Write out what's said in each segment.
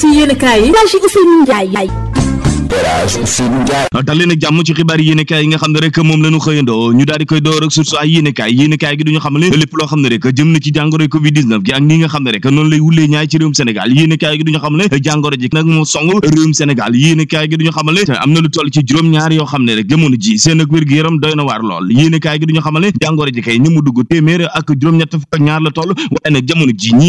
ci yéen kaay yi. Elhadji Ousseynou Ndiaye. Elhadji Ousseynou Ndiaye ci xibaar yéenekaay ay nga xam ne rek noonu jamono ji seen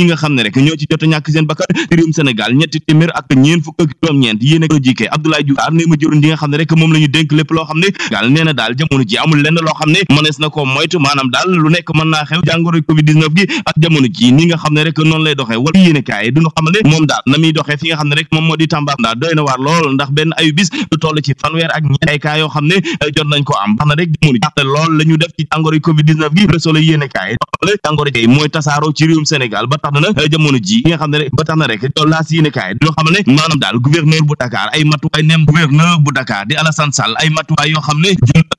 nga xam ne rek ñoo jot a ñàkk seen bakkan réewum Sénégal ñetti téeméer ak ñeen fukk ak juróom-ñeent yéenekaay ji kay Abdoulaye daal ne ma jëruñ ji nga xam ne rek moom la ñu dénk lépp loo xam ne daal nee na na ko moytu maanaam daal lu nekk mën naa xew jàngoro covid 19 gi ak ji ni nga rek noonu lay doxee wala yéene kaay yi duñu xamal daal na muy doxee fi rek moom moo di Tambacounda doy na lool ndax benn ayu bis lu toll ci fanweer ak ñeent ay cas yoo xam ne jot nañ ko am bax rek jamono ji lool def ci jàngoro covid 19 gi réseau la yéene kaay loolee jàngoro tey mooy tasaaroo ci réewum Sénégal ba tax na nag jamono ji yi nga xam ne rek ba tax na rek laas yéene kaay dañoo xamal ne maanaam daal gouverneur bu Dakar ay matuwaay nem gouverneur bu Dakar di Alassane Sall ay matuwaay yoo xam ne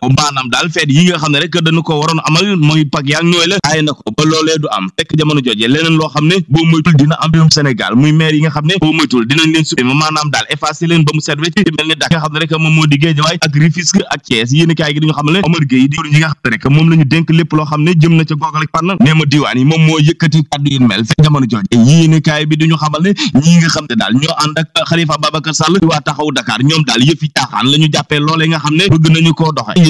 maanaam daal feet yi nga xam ne rek dañu ko waroon amal mooy pag yaag ñooy la ay na ko ba loolee am fekk jamono jooje xam ne boo moytul dina am réewum Sénégal muy maire yi nga xam ne boo moytul dinañ leen supprimer maanaam daal effacer leen la ñu dénk lépp loo xam ne jëm ñoo ànd ak Khalifa Babacar Sall waa taxaw Dakar ñoom daal yëfi caaxaan la jàppee loolee nga xam ne bëgg nañu koo doxe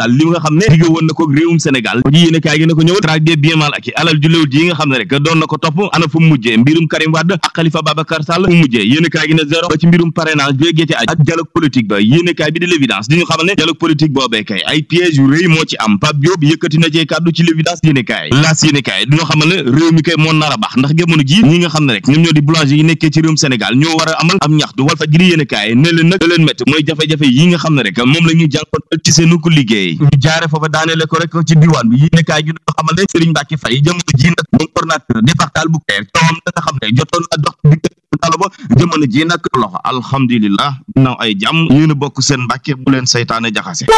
daal li nga xam ne digé woon na ko réewum Sénégal ko ji yéene kaay gi ne ko ñëwal tragédie bien mal ak alal ju lew ji nga xam ne rek doon na ko topp ana fu mujjee mbirum Karim Wade ak Khalifa Babacar Sall fu mujjee yéene kaay gi ne zéro ba ci mbirum parrainage bi géete aj ak dialogue politique ba yéene kaay bi di l'évidence di ñu xamal ne dialogue politique boobee kay ay piège yu rëy moo ci am Pape Diop yëkkati na ci kàddu ci l'évidence yéene kaay laas yéene kaay di ñu xamal ne réew mi kay moo nar a baax ndax gémonu ji ñi nga xam ne rek ñoom ñoo di boulanger yi nekkee ci réewum Sénégal ñoo war a amal am ñaxtu Walfadjri yéene kaay ne leen nag leen métti mooy jafe-jafe yi nga xam ne rek moom la ñu jànkoon ci seenu ko liggéey yi ñu jaare fa ba daaneele ko rek ci diwaan bi yéene xamal ne Serigne Mbacke Faye jamono ji nag moom coordonnateur bu keer coowam na dox di dalo ba jamono ji loxo alhamdulilah ginnaaw ay jam yéen a bokk sen Mbacke bu leen saytaane jaxase